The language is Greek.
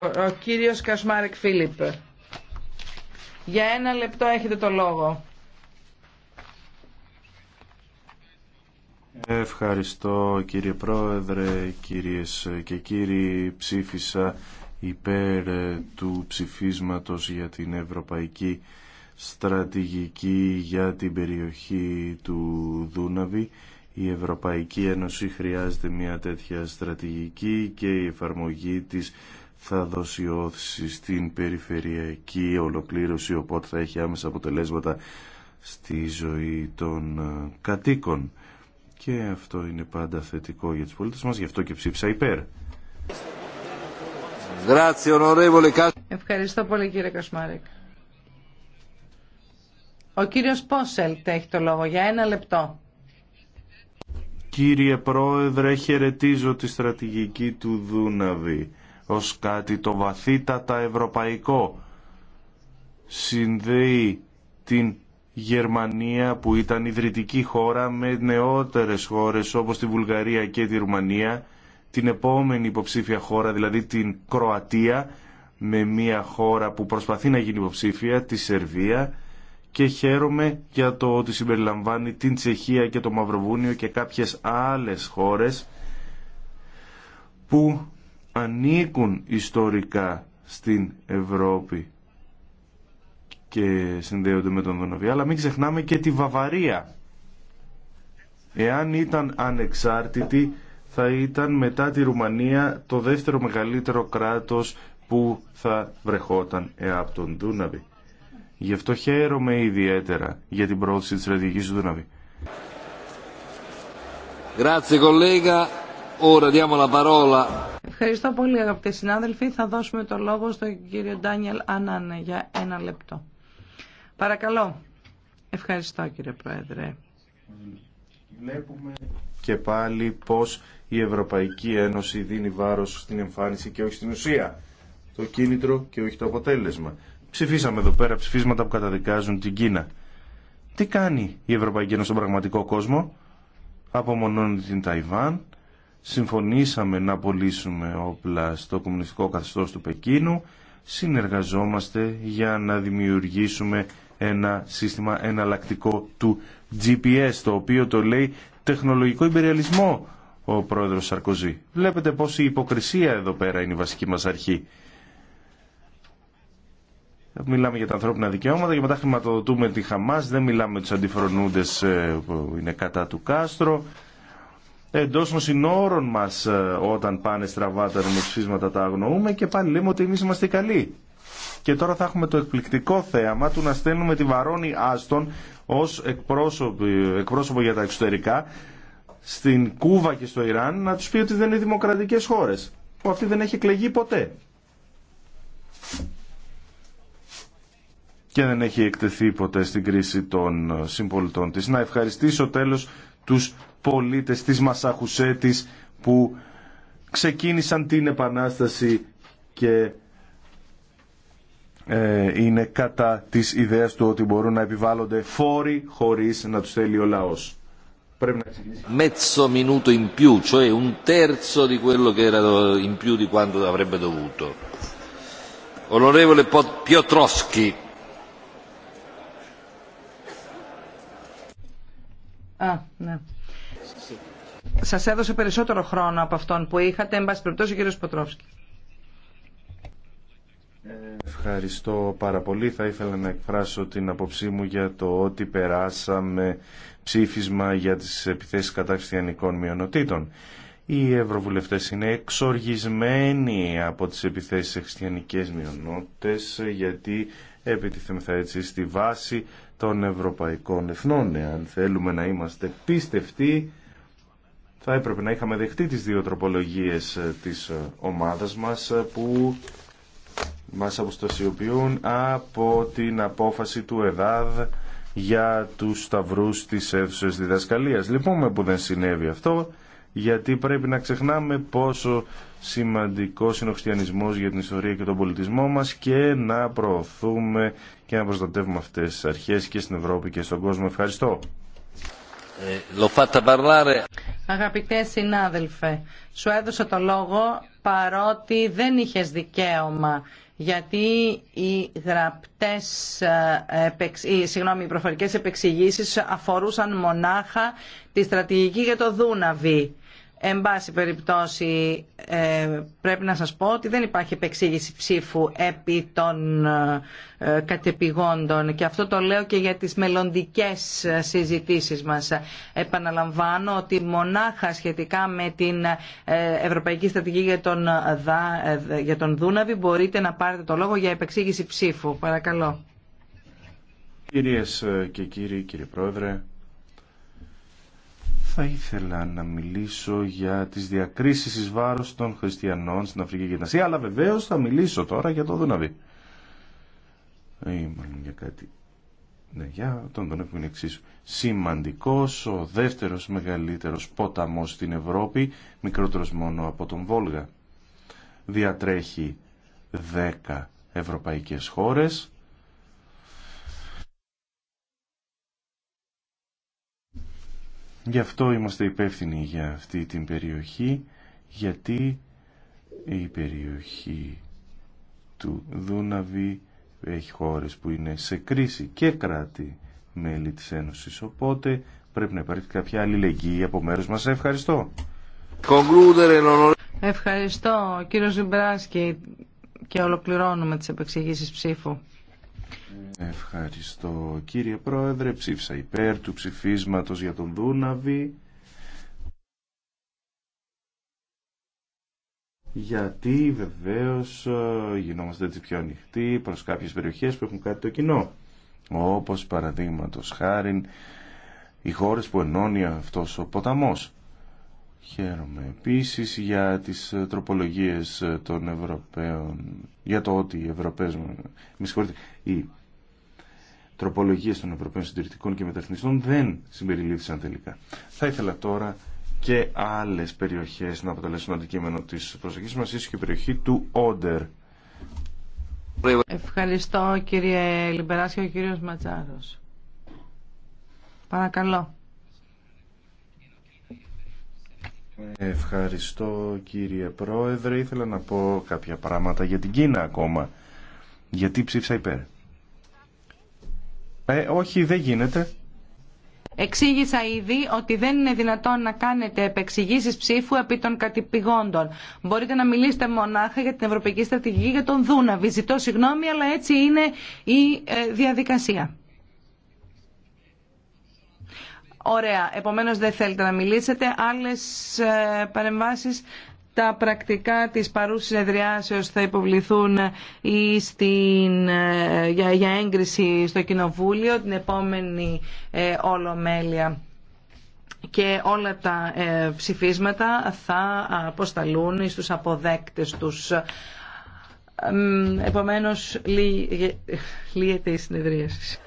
Ο κύριος Κασμάρεκ Φίλιπ. Για ένα λεπτό έχετε το λόγο. Ευχαριστώ κύριε Πρόεδρε, κυρίες και κύριοι. Ψήφισα υπέρ ε, του ψηφίσματος για την Ευρωπαϊκή Στρατηγική για την περιοχή του Δούναβη. Η Ευρωπαϊκή Ένωση χρειάζεται μια τέτοια στρατηγική και η εφαρμογή της θα δώσει όθηση στην περιφερειακή ολοκλήρωση οπότε θα έχει άμεσα αποτελέσματα στη ζωή των ε, κατοίκων και αυτό είναι πάντα θετικό για τους πολίτες μας γι' αυτό και ψήψα υπέρ Ευχαριστώ πολύ κύριε Κασμάρικ Ο κύριος Πόσελτ έχει το λόγο για ένα λεπτό Κύριε Πρόεδρε, χαιρετίζω τη στρατηγική του Δούναβη ως κάτι το βαθύτατα ευρωπαϊκό. Συνδέει την Γερμανία που ήταν ιδρυτική χώρα με νεότερες χώρες όπως τη Βουλγαρία και τη Ρουμανία, την επόμενη υποψήφια χώρα δηλαδή την Κροατία με μια χώρα που προσπαθεί να γίνει υποψήφια, τη Σερβία και χαίρομαι για το ότι συμπεριλαμβάνει την Τσεχία και το Μαυροβούνιο και κάποιες άλλες χώρες που ανήκουν ιστορικά στην Ευρώπη και συνδέονται με τον Δονοβή. αλλά μην ξεχνάμε και τη Βαβαρία. Εάν ήταν ανεξάρτητη, θα ήταν μετά τη Ρουμανία το δεύτερο μεγαλύτερο κράτος που θα βρεχόταν από τον Δούναβη. Γι' αυτό χαίρομαι ιδιαίτερα για την πρόθεση της στρατηγικής του Δούναβη. Grazie collega, ora diamo la Ευχαριστώ πολύ αγαπητοί συνάδελφοι. Θα δώσουμε το λόγο στον κύριο Ντάνιελ Ανάνε για ένα λεπτό. Παρακαλώ. Ευχαριστώ κύριε Πρόεδρε. Βλέπουμε και πάλι πως η Ευρωπαϊκή Ένωση δίνει βάρος στην εμφάνιση και όχι στην ουσία. Το κίνητρο και όχι το αποτέλεσμα. Ψηφίσαμε εδώ πέρα ψηφίσματα που καταδικάζουν την Κίνα. Τι κάνει η Ευρωπαϊκή Ένωση στον πραγματικό κόσμο. Απομονώνει την Ταϊβάν, συμφωνήσαμε να απολύσουμε όπλα στο κομμουνιστικό καθεστώς του Πεκίνου, συνεργαζόμαστε για να δημιουργήσουμε ένα σύστημα εναλλακτικό του GPS, το οποίο το λέει τεχνολογικό υπεριαλισμό ο πρόεδρος Σαρκοζή. Βλέπετε πως η υποκρισία εδώ πέρα είναι η βασική μας αρχή. Μιλάμε για τα ανθρώπινα δικαιώματα και μετά χρηματοδοτούμε τη Χαμάς, δεν μιλάμε τους αντιφρονούντες ε, που είναι κατά του Κάστρο εντό των συνόρων μα ε, όταν πάνε στραβά τα νομοψηφίσματα τα αγνοούμε και πάλι λέμε ότι εμεί είμαστε καλοί. Και τώρα θα έχουμε το εκπληκτικό θέαμα του να στέλνουμε τη Βαρόνη Άστον ω εκπρόσωπο για τα εξωτερικά στην Κούβα και στο Ιράν να του πει ότι δεν είναι δημοκρατικέ χώρε. Που αυτή δεν έχει εκλεγεί ποτέ. και δεν έχει εκτεθεί ποτέ στην κρίση των συμπολιτών της. Να ευχαριστήσω τέλος τους πολίτες της Μασαχουσέτης που ξεκίνησαν την επανάσταση και ε, είναι κατά της ιδέας του ότι μπορούν να επιβάλλονται φόροι χωρίς να τους θέλει ο λαός. Πρέπει να ξεκινήσει. Mezzo minuto in più, cioè un terzo di quello che era in più di quanto avrebbe dovuto. Onorevole Piotrowski. Α, ναι. Σας έδωσε περισσότερο χρόνο από αυτόν που είχατε. Εν πάση περιπτώσει, ο κύριο Ποτρόφσκι. Ευχαριστώ πάρα πολύ. Θα ήθελα να εκφράσω την απόψή μου για το ότι περάσαμε ψήφισμα για τις επιθέσεις κατά χριστιανικών μειονοτήτων. Οι ευρωβουλευτές είναι εξοργισμένοι από τις επιθέσεις σε χριστιανικές μειονότητες γιατί επιτιθέμεθα έτσι στη βάση των Ευρωπαϊκών Εθνών. Εάν θέλουμε να είμαστε πίστευτοι, θα έπρεπε να είχαμε δεχτεί τις δύο τροπολογίες ε, της ε, ομάδας μας ε, που μας αποστασιοποιούν από την απόφαση του ΕΔΑΔ για τους σταυρούς της αίθουσας διδασκαλίας. Λοιπόν, που δεν συνέβη αυτό γιατί πρέπει να ξεχνάμε πόσο σημαντικός είναι ο χριστιανισμός για την ιστορία και τον πολιτισμό μας και να προωθούμε και να προστατεύουμε αυτές τις αρχές και στην Ευρώπη και στον κόσμο. Ευχαριστώ. Ε, Αγαπητέ συνάδελφε, σου έδωσα το λόγο παρότι δεν είχες δικαίωμα γιατί οι γραπτές, οι, ε, ε, συγγνώμη, οι προφορικές επεξηγήσεις αφορούσαν μονάχα τη στρατηγική για το Δούναβι. Εν πάση περιπτώσει ε, πρέπει να σας πω ότι δεν υπάρχει επεξήγηση ψήφου επί των ε, κατεπηγόντων και αυτό το λέω και για τις μελλοντικές συζητήσεις μας. Επαναλαμβάνω ότι μονάχα σχετικά με την ε, Ευρωπαϊκή Στρατηγική για τον, για τον Δούναβη μπορείτε να πάρετε το λόγο για επεξήγηση ψήφου. Παρακαλώ. Κυρίες και κύριοι, κύριε Πρόεδρε, θα ήθελα να μιλήσω για τις διακρίσεις εις βάρος των χριστιανών στην Αφρική και την Ασία, αλλά βεβαίως θα μιλήσω τώρα για το Δούναβι. Ή ε, για κάτι. Ναι, για τον Σημαντικός, ο δεύτερος μεγαλύτερος ποταμός στην Ευρώπη, μικρότερος μόνο από τον Βόλγα. Διατρέχει δέκα ευρωπαϊκές χώρες Γι' αυτό είμαστε υπεύθυνοι για αυτή την περιοχή, γιατί η περιοχή του Δούναβη έχει χώρες που είναι σε κρίση και κράτη μέλη της Ένωσης. Οπότε πρέπει να υπάρχει κάποια αλληλεγγύη από μέρος μας. Ευχαριστώ. Ευχαριστώ κύριο Ζιμπράσκη και ολοκληρώνουμε τις επεξηγήσεις ψήφου. Ευχαριστώ κύριε Πρόεδρε. Ψήφισα υπέρ του ψηφίσματος για τον Δούναβη. Γιατί βεβαίως γινόμαστε έτσι πιο ανοιχτοί προς κάποιες περιοχές που έχουν κάτι το κοινό. Όπως παραδείγματος χάρη οι χώρες που ενώνει αυτός ο ποταμός. Χαίρομαι επίσης για τις ε, τροπολογίες ε, των Ευρωπαίων, για το ότι οι Ευρωπαίες, ε, με συγχωρείτε, οι τροπολογίες των Ευρωπαίων Συντηρητικών και Μεταρρυθμιστών δεν συμπεριλήφθησαν τελικά. Θα ήθελα τώρα και άλλες περιοχές να αποτελέσουν αντικείμενο της προσοχής μας, ίσως και η περιοχή του Όντερ. Ευχαριστώ κύριε και ο κύριος Ματζάρος. Παρακαλώ. Ευχαριστώ κύριε Πρόεδρε. Ήθελα να πω κάποια πράγματα για την Κίνα ακόμα. Γιατί ψήφισα υπέρ. Ε, όχι, δεν γίνεται. Εξήγησα ήδη ότι δεν είναι δυνατόν να κάνετε επεξηγήσεις ψήφου επί των κατυπηγόντων. Μπορείτε να μιλήσετε μονάχα για την Ευρωπαϊκή Στρατηγική για τον Δούναβη. Ζητώ συγγνώμη, αλλά έτσι είναι η ε, διαδικασία. Ωραία. Επομένως δεν θέλετε να μιλήσετε. Άλλες ε, παρεμβάσεις. Τα πρακτικά της παρούς συνεδριάσεως θα υποβληθούν ή στην, ε, για, έγκριση στο Κοινοβούλιο την επόμενη ε, ολομέλεια και όλα τα ψηφίσματα θα αποσταλούν στους αποδέκτες τους. Επομένως, λύγεται η συνεδρίαση.